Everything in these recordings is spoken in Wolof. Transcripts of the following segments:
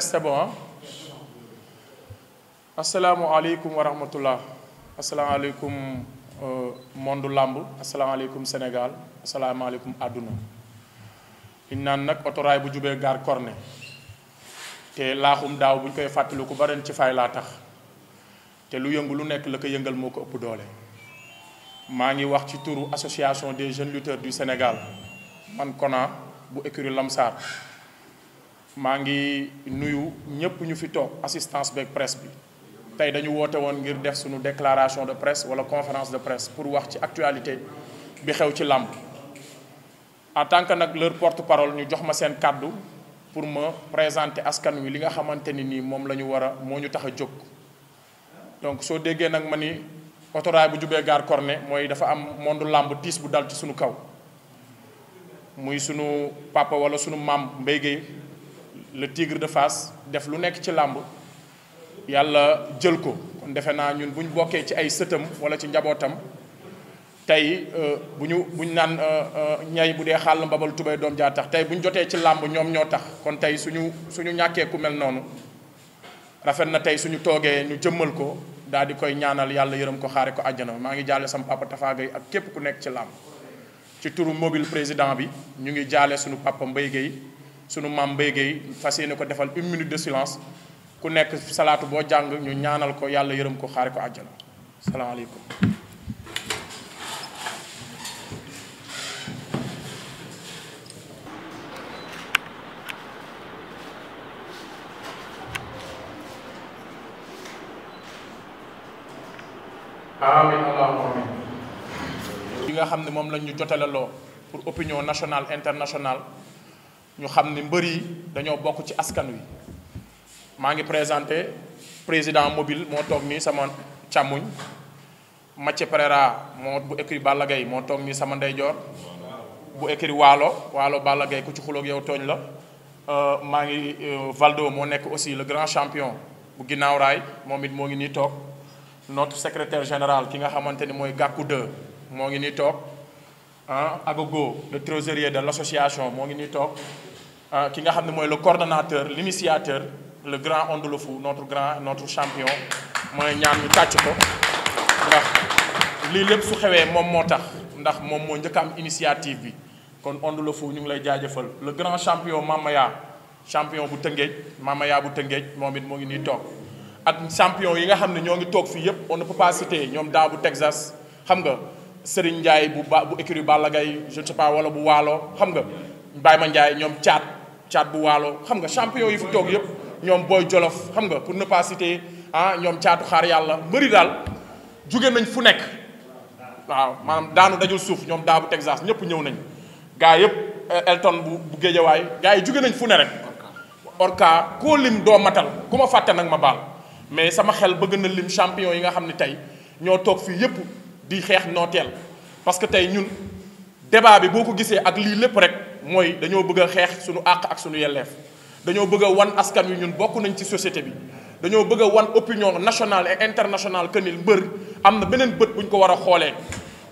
c'est bon ah asalaamualeykum wa rahmatullah euh, monde làmb asalaamualeykum Sénégal asalaamualeykum àdduna liñ naan nag otoraay bu jubee gaar corne te laaxum daaw bu ñu koy fàttaliku ba ren ci fay laa tax te lu yëngu lu nekk la ko yëngal moo ko ëpp doole maa ngi wax ci turu association des jeunes lutteurs du Sénégal man kona bu écurie Lamsar maa ngi nuyu ñëpp ñu fi toog assistance beeg presse bi tey dañu woote woon ngir def suñu déclaration de presse wala conférence de presse pour wax ci actualité bi xew ci làmb en tant que nag leur porte parole ñu jox ma seen kàddu pour ma présenter askan wi li nga xamante ni nii moom la ñu war a moo ñu tax a jóg donc soo déggee nag ma ni otoraay bu jubee gaar corne mooy dafa am monde làmb tiis bu dal ci suñu kaw muy sunu papa wala suñu maam Mbaye le tigre de Fass def lu nekk ci làmb yàlla jël ko kon defe naa ñun bu ñu bokkee ci ay sëtam wala ci njabootam tey euh, bu ñu bu ñu naan euh, euh, ñay bu dee xàll mbabal tubay doom jaa tax tey bu ñu jotee ci làmb ñoom ñoo tax kon tey suñu suñu ñàkkee ku mel noonu rafet na tey suñu toogee ñu jëmmal ko daal di koy ñaanal yàlla yërëm ko xaare ko àjjana maa ngi jaale sam papa Tafa Gueye ak képp ku nekk ci làmb ci turu mobile président bi ñu ngi jaale suñu papa Mbaye Gueye sunu maam Mbaye Guèye fas yéene ko defal une minute de silence ku nekk salaatu boo jàng ñu ñaanal ko yàlla yërëm ko xaare ko àjjana salaamaaleykum amiin allahumma nga xam ne moom lañ ñu jotalaloo pour opinion nationale internationale. ñu xam ne mbër dañoo bokk ci askan wi maa ngi présenté président mobile moo toog nii sama càmmuñ Mathieu Pereira moo bu écrit Balla Gaye moo toog nii sama ndeyjoor bu écrit waalo waalo Balla Gaye ku ci xuloog yow tooñ la euh, maa ngi euh, Valdo moo nekk aussi le grand champion bu ginnaaw raay moom it moo ngi nii toog notre secretaire général ki nga xamante ni mooy Gakou 2 moo ngi nii toog ah Agogo le trésorier de l' association moo ngi nii toog Euh, ki nga xam ne mooy le coordonnateur l'initiateur le grand Onde le Fou notre grand champion mooy ñaan ñu tàcc ko ndax lii lépp su xewee moom moo tax ndax moom moo njëkk am initiative bi kon Onde le Fou ñu ngi lay jaajëfal le grand champion Mamaya champion bu Tëngéej Mamaya bu Tëngéej moom it moo ngi nii toog ak champion yi nga xam ne ñoo ngi toog fii yëpp on na peut pas citer ñoom daa bu Texas xam nga sëriñ Ndiaye bu ba bu écurie Balla Gaye wala bu Waalo xam nga Ma Ndiaye ñoom caat caat bu waalo xam nga champion yi fi toog yëpp ñoom booy jolof xam nga pour ne ah ñoom caatu xaar yàlla mbëri daal juge nañ fu nekk waaw maanaam daanu dajul suuf ñoom daa bu Texas ñëpp ñëw nañ gaa yëpp eh, Elton bu bu géejawaay gaa yi jóge nañ fu ne rek orca koo lim doo matal ku ma fàtte nag ma baal mais sama xel bëgg na lim champion yi nga xam ne tey ñoo toog fii yëpp di xeex nooteel parce que tey ñun débat bi boo ko gisee ak lii lépp rek mooy dañoo bëgg a xeex suñu àq ak suñu yelleef dañoo bëgg a wan askan wi ñun bokk nañ ci société bi dañoo bëgg a wan opinion nationale et internationale que ni mbër am na beneen bët bu ñu ko war a xoolee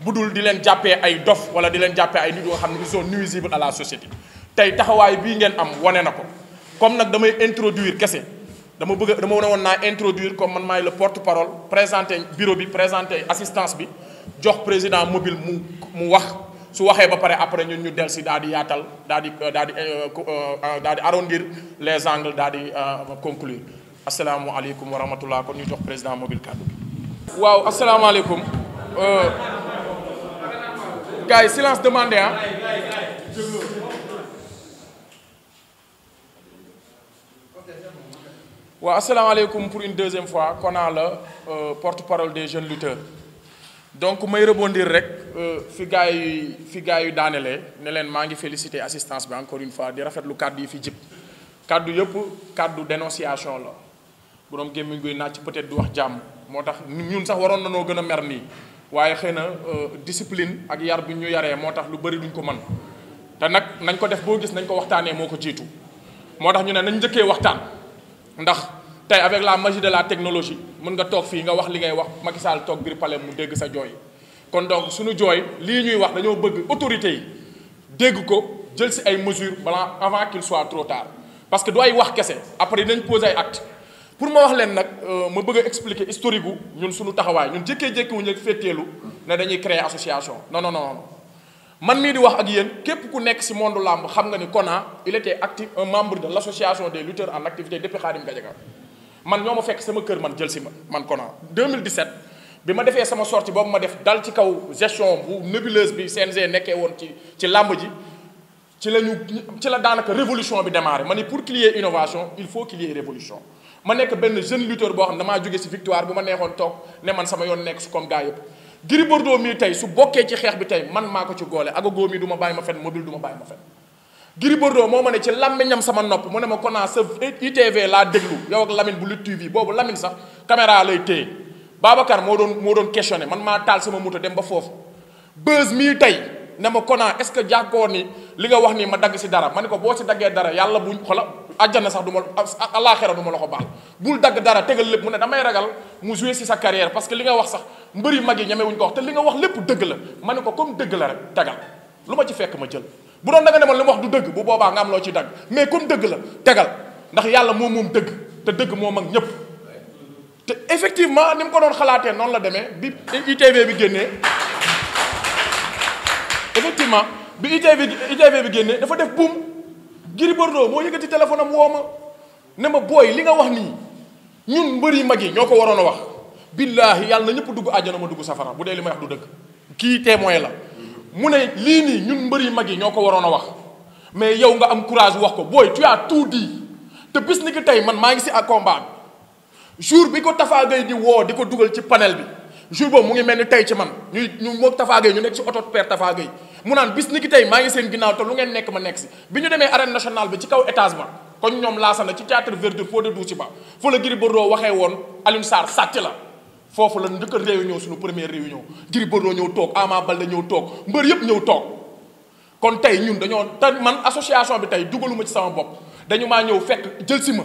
bu dul di leen jàppee ay dof wala di leen jàppee ay nit yoo xam ne ils sont nuisibles à la société tey taxawaay bii ngeen am wane na ko comme nag damay introduire kese dama bëgg dama wane woon naa introduire comme man maay la porte parole présenté bureau bi présenté bi jox président mobile mu mu wax su waxee ba pare après ñun ñu del si daal di yaatal daal di daal di euh, euh, les angles daal di euh, conclure asalaamualeykum wa rahmatullah kon ñu jox président mobile kàddu bi waaw asalaamaaleykum gars yi silence demandé ah waaw asalaamaaleykum pour une deuxième fois Kona la porte-parole des jeunes lutteurs donc may rebondir rek euh, fi gars yi fi gaa yu daanelee ne leen maa ngi féliciter assistance bi encore une fois di rafetlu kàddu yi fi jib kàddu yëpp kàddu dénonciation la boroom gémmiñ guy naaj peut-être du wax jàmm moo tax ñun sax waroon na noo gën a mer nii waaye xëy na euh, discipline ak yar bu ñu yaree moo tax lu bari duñ ko mën te nag nañ ko def boo gis nañ ko waxtaanee moo ko jiitu moo tax ñu ne nañ njëkkee waxtaan ndax. tey avec la magie de la technologie mën nga toog fii nga wax li ngay wax Macky Sall toog biir palais mu dégg sa jooy kon donc suñu jooy lii ñuy wax dañoo bëgg autorité yi dégg ko jël si ay mesures balaa avant qu'il soit trop tard parce que du ay wax kese après dañ poser ay acte pour ma wax leen nag euh, ma bëgg a expliquer historique gu ñun suñu taxawaay ñun jékkee-jékki wu ñu féeteelu ne dañuy créer association non non man mii di wax ak yéen képp ku nekk si monde làmb xam nga ni Kona il était actif de l' association des lutteurs en activité depuis Khadim Gadiaga man ñoo ma fekk sama kër man jël si ma man Kona 2017 bi ma defee sama sortie boobu ma def dal ci kaw gestion bu nébuleuse bi CNG nekkee woon ci ci làmb ji ci la ñu ci la daanaka révolution bi démarré ma ne pour qu'il y innovation il faut qu'il y ait révolution ma nekk benn jeune lutteur boo xam ne damaa jóge si victoire bu ma neexoon toog ne man sama yoon nekk su comme gars yëpp Gris mii tey su bokkee ci xeex bi tey man maa ko ci goole Agogo mii du ma bàyyi ma fen mobile du ma bàyyi ma Gris Bordeaux moo ma ne ci làmmiñam sama nopp mu ne ma Kona sa ITV laa déglu yow ak Lamine bu Lutte TV boobu Lamine sax caméra lay téye Babacar moo doon moo doon questionné man maa taal sama moto dem ba foofu bës mii tey ne ma Kona est-ce que jàkkoo ni li nga wax nii ma dagg si dara ma ne ko boo si daggee dara yàlla buñ xola àjjana sax du ma duma du ma la ko baal bul dagg dara tegal lépp mu ne damay ragal mu joué si sa carrière parce que li nga wax sax mbëri mag yi ñamewuñ ko te li nga wax lépp dëgg la ma ne ko comme dëgg la rek tegal lu ma ci fekk ma jël bu doon da nga ne ma li mu wax du dëgg bu boobaa nga am loo ci dagg mais comme dëgg la tegal ndax yàlla moom moom dëgg te dëgg moo mag ñëpp te effectivement ni mu ko doon xalaatee noonu la demee bi ITV bi génnee effectivement bi ITV ITV bi génnee dafa def buum Gris Bordeaux moo yëkkati téléphone am woo ma ne ma booy li nga wax nii ñun mbër yi mag yi ñoo ko waroon a wax billaahi yàlla na ñëpp dugg àjjana ma dugg safara bu dee li may wax du dëgg kii témoin la mu ne lii nii ñun mbër yu mag yi ñoo ko waroon a wax mais yow nga am courage wax ko booy tu tout dit te bis ni ki tey man maa ngi si ak combat bi jour bi ko Tafa Gueye di woo di ko dugal ci panel bi jour boobu mu ngi mel ni tey ci man ñuy ñu moog Tafa Gueye ñu nekk si oto père Tafa Gueye mu naan bis ni ki tey maa ngi seen ginnaaw te lu ngeen nekk ma nekk si bi ñu demee arène nationale bi ci kaw étage ba kon ñoom laasana ci théâtre verdure foo de duusi ba fa la Gris Bordeaux waxee woon Alioune Sarr sàcc la foofu lañu njëkk a réunion suñu première réunion Gris noo ñëw toog Ama Baldé ñëw toog mbër yëpp ñëw toog kon tey ñun dañoo te man association bi tey dugaluma ci sama bopp dañu maa ñëw fekk jël si ma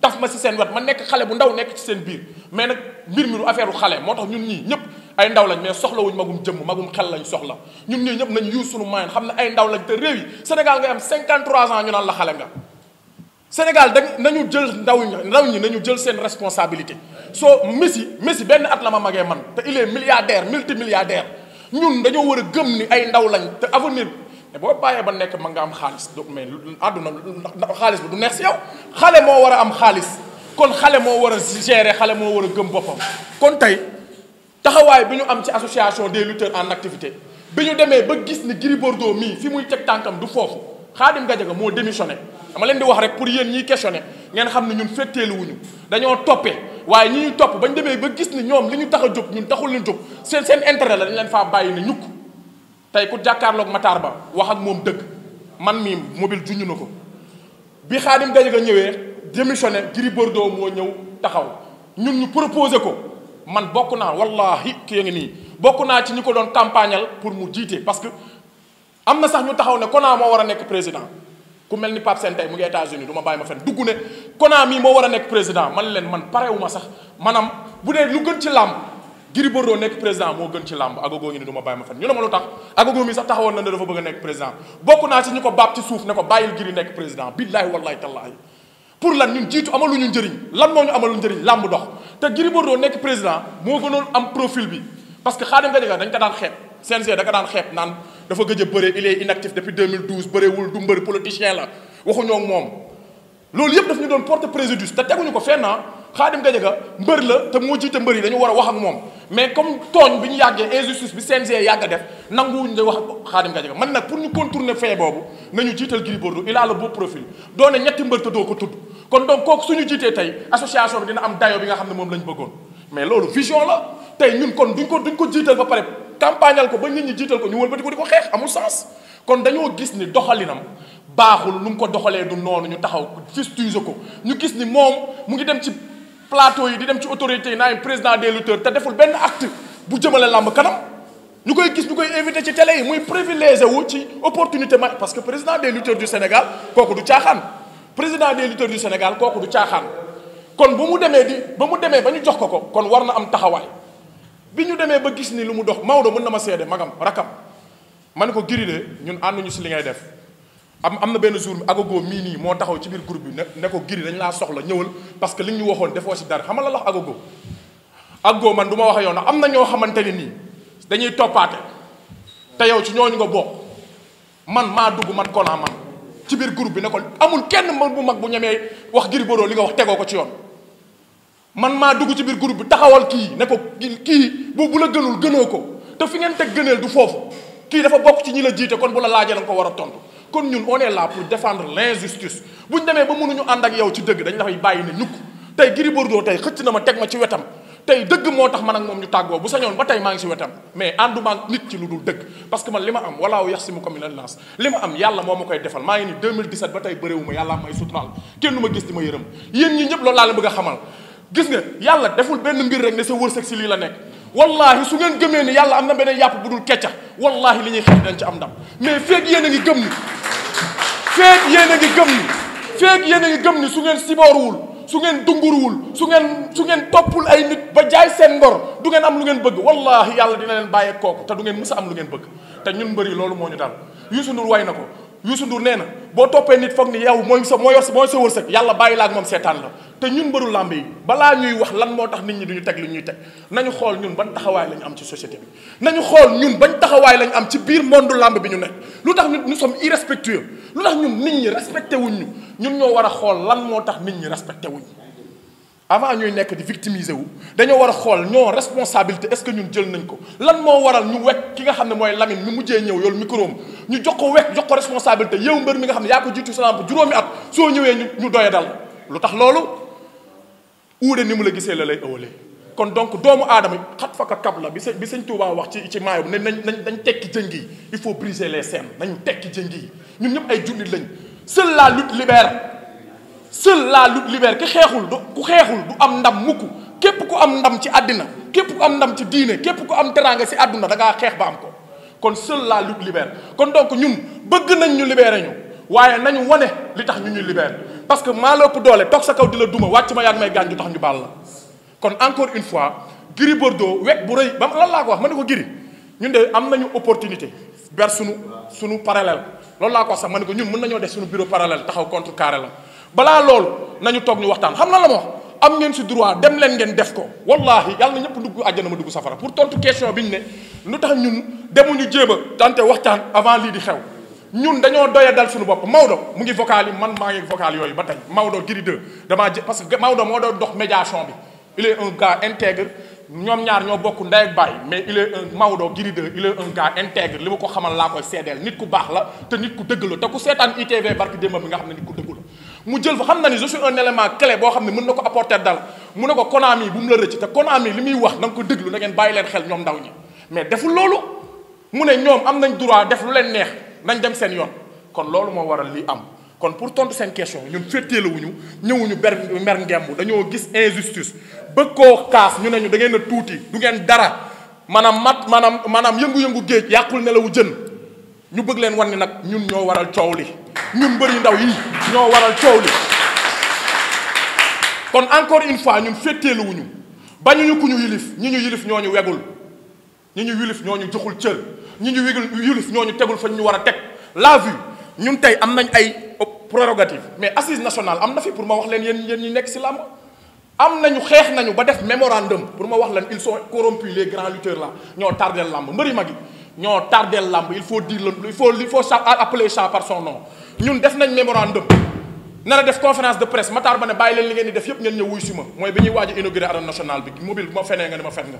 taf ma si seen wet ma nekk xale bu ndaw nekk ci seen biir mais nag mbir mi du affaire u xale moo tax ñun ñii ñëpp ay ndaw lañ mais soxlawuñ magum jëmm magum xel lañ soxla ñun ñii ñëpp nañ use suñu moyen xam ne ay ndaw lañ te réew yi Sénégal ngay ñu naan la xale nga Sénégal dañ nañu jël ndaw ñi ndaw ñi nañu jël seen responsabilité soo Messi Messi benn at la ma magee man te il est milliardaire multimilliardaire ñun dañoo war a gëm ni ay ndaw lañ te avenir mais boo bàyyee ba nekk ma nga am xaalis donc mais àdduna xaalis bi du neex si yow xale moo war a am xaalis kon xale moo war a gérer xale moo war a gëm boppam kon tey taxawaay bi ñu am ci association des lutteurs en activité bi ñu demee ba gis ni Gris Bordeaux mii fi muy teg tànkam du foofu Khadim ga moo démissionné dama leen di wax rek pour yéen ñi questionné ngeen xam ne ñun fetteelu wuñu dañoo toppe waaye ñi ñu topp bañ demee ba gis ni ñoom li ñu tax a jóg ñun taxul leen jóg seen seen intérêt la dañ leen faa bàyyi ne ñukk tey ku jàkkaarloog Matar Ba wax ak moom dëgg man mii mobile junj na ko bi Khadim Gadiaga ñëwee démissionné Gris Bordeaux moo ñëw taxaw ñun ñu proposé ko man bokk naa wallahi kii ngi nii bokk naa ci ñu ko doon campagnal pour mu jiite parce que am na sax ñu taxaw ne Kona moo war a nekk président ku mel ni Pape Sène tey mu ngi États-Unis du ma bàyyi ma fen dugg ne Kona mii moo war a nekk président man leen man parewu ma sax maanaam bu dee lu gën ci làmb Gris Bordeaux nekk président moo gën ci làmb agogo ñu ne du ma bàyyi ma fen ñu ne ma lu tax agogo mi sax taxawoon na ne a nekk président bokk lan moo ñu amalu njëriñ làmb dox te Gris Bordeaux nekk président moo gënoon am profil bi parce que Khadim Gadiaga dañ ko daan xeeb CNG da ko daan xeeb naan dafa gëj a bëre il est inactif depuis 2012 bëreewul du mbër politicien la waxuñoo ak moom. loolu yëpp daf ñu doon porte préjudice te teguñu ko fenn Khadim ah. Gadiaga mbër la te moo jiite mbër yi dañu war a wax ak moom mais comme tooñ bi ñu yàggee injustice bi g yàgg a def nanguwuñ la wax Khadim Gadiaga man nag pour ñu contourner fee boobu nañu jiital Gris Bordeaux il a le beau doone ñetti mbër te doo ko tudd kon donc kooku suñu jiitee tey association bi am dayo bi nga xam ne moom lañ bëggoon mais loolu vision la tey ñun kon duñ ko duñ ko jiital ba pare campagnal ko ba nit ñi jiital ko ñu wëlbati ko di ko xeex amul sens kon dañoo gis ni doxalinam baaxul nu mu ko doxalee du noonu ñu taxaw fustige ko ñu gis ni moom mu ngi dem ci plateau yi di dem ci autorités yi naan président de lutteurs te deful benn acte bu jëmale làmb kanam ñu koy gis ñu koy invité ci télé yi muy privilégié wu ci opportunité ma parce que président des lutteurs du Sénégal kooku du caaxaan président de lutteurs du Sénégal kooku du caaxaan kon bu mu demee di ba mu demee ba ñu jox ko ko kon war na am taxawaay bi ñu demee ba gis nii lu mu dox Maodo mën na ma seede magam rakam ma ne ko Gris de ñun ànduñu si li ngay def am am na benn jour Agogo mii nii moo taxaw ci biir groupe bi ne ne ko Gris dañ laa soxla ñëwal parce que li ñu waxoon defoo si dara xam nga la wax Agogo man du ma wax yow nag am na ñoo xamante ne nii dañuy toppaate te yow ci ñooñu nga bokk man maa dugg man konaa man ci biir groupe bi ne ko amul kenn man bu mag bu ñemee wax Gris Bordeaux li nga wax tegoo ko ci yoon man maa dugg ci biir groupe bi taxawal kii ne ko kii bu bu la gënul gënoo ko te fi ngeen teg gëneel du foofu kii dafa bokk ci ñi la jiite kon bu la laajee nga ko war a tontu kon ñun on est là pour défendre l'injustice bu ñu demee ba ñu ànd ak yow ci dëgg dañ dafay bàyyi ne ñukk tey Gris Bordeaux tey xëcc na ma teg ma ci wetam tey dëgg moo tax man ak moom ñu tàggoo bu sañoon ba tey maa ngi si wetam mais ànduma ak nit ci lu dul dëgg parce que man li moo ma koy defal maa ni 2017 ba tey bëréewu ma yàlla gis di ma yërëm yéen ñi ñëpp loolu laa la gis nga yàlla deful benn mbir rek ne sa wërsëg si lii la nekk wallahi su ngeen gëmee ni yàlla am na beneen yàpp bu dul kecca wallahi li ñuy xeex dañ ci am ndam mais feeg yéen a ngi gëm ni feeg yéen a ngi gëm ni feeg yéen a ngi su ngeen sibooruwul su ngeen dunguruwul su ngeen su ngeen toppul ay nit ba jaay seen ngor du ngeen am lu ngeen bëgg wallahi yàlla dina leen bàyyee kooku te du ngeen mës a am lu ngeen bëgg te ñun mbëri loolu moo ñu dal Youssou Ndour way na ko Youssou Ndour nee na boo toppee nit foog ni yow mooy sa mooy mooy sa wërsëg yàlla bàyyi la ak moom seetaan la te ñun mbëru làmb yi balaa ñuy wax lan moo tax nit ñi ñu teg lu ñuy teg nañu xool ñun ban taxawaay lañu am ci société nañu xool ñun ban taxawaay lañu am ci biir monde làmb bi ñu nekk lu tax ñun nous sommes irrespectueux lu tax ñun nit ñi respecté wuñ ñu ñun ñoo war a xool lan moo tax nit ñi respecté wuñ avant ñuy nekk di victimiser wu dañoo war a xool ñoo responsabilité est-ce que ñun jël nañ ko lan moo waral ñu wekk ki nga xam ne mooy Lamine mu mujjee ñëw yoolu microom ñu jox ko wekk jox ko responsabilité yow mbër mi nga xam ne yaa ko jiitu sa lamb juróomi soo ñëwee ñu ñu doye dal lu tax loolu uude ni mu la gisee la lay ëwalee kon donc doomu aadama xat fakka kab bi sa bi sañ Tuubaa wax ci ci ne nañ nañ dañ tekki jëng yi faut briser les chaînes nañu tekki jëng yi ñun ñëpp ay jullit lañ seule la lutte libère seule la lutte libère ki xeexul du ku xeexul du am ndam mukk képp ku am ndam ci àddina képp ku am ndam ci diine képp ku am teraanga si àdduna da ngaa xeex ba am ko kon seule laa lutte libère kon donc ñun bëgg nañ ñu libéré ñu waaye nañu wane li tax ñu ñuy libéré parce que maa la ëpp doole toog sa kaw di la duma wàcc ma yàgg may gaañ ju tax ñu baal la kon encore une fois Gris Bordeaux wekk bu rëy ba lan laa ko wax ma ne ko Gris ñun de am nañu opportunité ber sunu sunu parallèle loolu laa ko wax ne ko ñun mën nañoo def sunu bureau parallèle taxaw contre carré la balaa loolu nañu toog ñu waxtaan xam lan la ma am ngeen si droit dem leen ngeen def ko wallahi yàlla na ñëpp dugg àjjana ma dugg safara pour tontu question bi ñu ne lu tax ñun demuñu ñu a tante waxtaan avant lii di xew ñun dañoo doya dal suñu bopp Maodo mu ngi vocal yi man maa ngi vocal yooyu ba tey Maodo Giri 2 damaa jë parce que Maodo moo doon dox médiation bi il un gars intègre ñoom ñaar ñoo bokk ndey ak baay mais il est un Maodo Giri 2 li ko xamal laa koy seedeel nit ku baax la te nit ku dëgg la te ku seetaan ne nit ku mu jël fa xam na ni je suis un élément clé boo xam ne mën na ko apporter dal mu ne ko Konami bu mu la rëcc te Konami li muy wax na nga ko déglu na ngeen bàyyi leen xel ñoom ndaw ñi mais deful loolu mu ne ñoom am nañ droit def lu leen neex nañ dem seen yoon kon loolu moo waral li am kon pour tontu seen question ñun féeteeluwuñu ñëwuñu ber mer ngemb dañoo gis injustice bëgg koo kaas ñu ne ñu da ngeen a tuuti du ngeen dara maanaam mat maanaam maanaam yëngu-yëngu géej yàqul nelawu jën ñu bëgg leen wan ni nag ñun ñoo waral coow li ñun mbëri ndaw yi ñoo waral coow li kon encore une fois ñun fétteeluwuñu bañuñu ku ñu yilif ñi ñu yilif ñoo ñu wegul ñi ñu yilif ñoo ñu joxul cër ñi ñu wegul yilif ñoo ñu tegul fañ ñu war a teg la vue ñun tey am nañ ay prérogative mais assise nationale am na fi pour ma wax leen yéen yéen ñi nekk si làmb am nañu xeex nañu ba def mémorandum pour ma wax leen ils sont corrompus les grands lutteurs là ñoo tardeel làmb mbëri mag yi ñoo tardeel làmb il faut dire il faut il faut appeler ça par son nom ñun def nañ mémorandum nara def conférence de presse Matar ba ne bàyyi leen li ngeen di def yëpp ngeen ñëw wuy si ma mooy bi ñuy waaj a inauguré arène nationale bi mobile bu ma fenee nga ne ma fen nga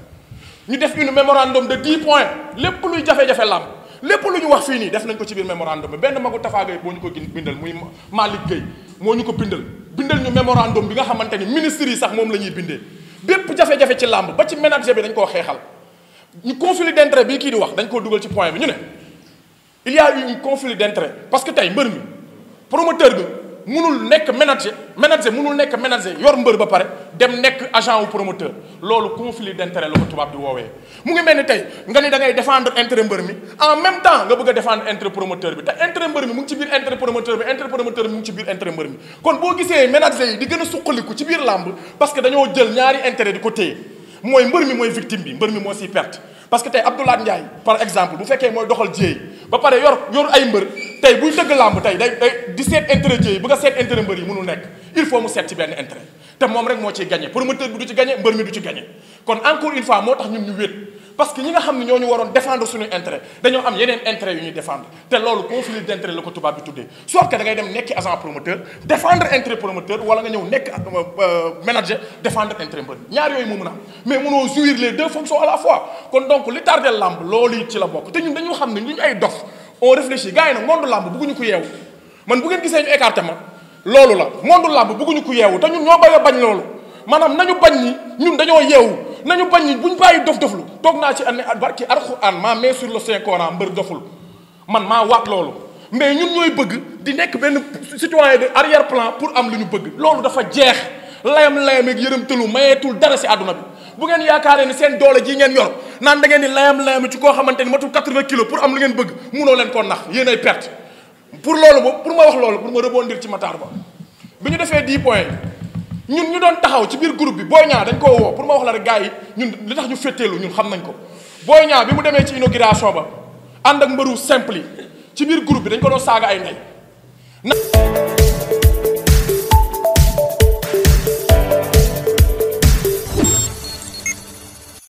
ñu def une mémorandum de 10 points lépp luy jafe-jafe làmb lépp lu ñu wax fii nii def nañ ko ci biir mémorandum bi benn magu Tafa Gueye moo ñu ko gin bindal muy Malick Gueye moo ñu ko bindal bindal ñu mémorandum bi nga xamante ni ministres yi sax moom la ba ci ménager bi dañ koo xeexal ñu conflit d'intérêt kii di wax dañ koo dugal ci point bi ñu il y a eu un conflit d'intérêt parce que tey mbër mi promoteur bi munul nekk manager manager munul nekk manager yor mbër ba pare dem nekk agent wu promoteur loolu conflit d'intérêt la ko tubaab di woowee. mu ngi mel ni tey nga ni da ngay défendre intérêt mbër mi en même temps nga bëgg a défendre promoteur bi te intérêt mbër mi mu ngi ci biir intérêt promoteur bi intérêt promoteur bi mu ngi ci biir intérêt mbër mi. kon boo gisee manager yi di gën a suqaliku que dañoo jël ñaari intérêt di ko téye mooy mooy victime bi mbër mi moo siy perte parce que tey Abdoulaye Ndiaye par exemple bu fekkee mooy doxal jéey. ba pare yor yor ay mbër tey buy dëgg làmb tey day day di seet intérêt yi bu nga seet intérêt mbër yi mënul nekk il faut mu seet ci benn intérêt te moom rek moo ciy gagné promoteur bi du ci gagné mbër mi du ci gagné kon encore une fois moo tax ñun ñu wéet parce que ñi nga xam ne ñoo ñu waroon défendre suñu intérêt dañoo am yeneen intérêt yu ñuy défendre te loolu conflit d'intérêt la ko tubaab bi tuddee soit que da ngay dem nekki agent promoteur défendre intérêt promoteur wala nga ñëw nekk euh, manager défendre intérêt mbër ñaar yooyu moo mën a mais mënoo jouir les deux fonctions à la fois kon donc li tardé làmb loolu it ci la bokk te ñun dañu xam ne ñu ay dof on réfléchit gars yi nag monde làmb bëgguñu ko yeewu man bu ngeen gisee ñu écarté ma loolu la monde làmb bëgguñu ko yeewu te ñun ñoo bañ a bañ loolu maanaam nañu bañ nañu bañ bu ñu bàyyi dof doflu toog naa ci année barki alxuraan maa mais sur le saint Coran mbër doful man maa waat loolu mais ñun ñooy bëgg di nekk benn citoyen de arrière plan pour am lu ñu bëgg loolu dafa jeex layam layam ak yërëm tëlu mayeetul dara si àdduna bi bu ngeen yaakaaree ni seen doole ji ngeen yor naan da ngeen di layam layam ci koo xamante ni matul 80 kilos pour am lu ngeen bëgg munoo leen koo nax yéen ay perte pour loolu boobu wax loolu pour ma rebondir ci Matar Ba bi ñu defee 10 points ñun ñu doon taxaw ci biir groupe bi Boy Niang dañ koo woo pour ma wax la rek gars yi ñun li tax ñu fétteelu ñun xam nañ ko Boy Niang bi mu demee ci inauguration ba ànd ak mbëru simple yi ci biir group bi dañ ko doon saaga ay ndey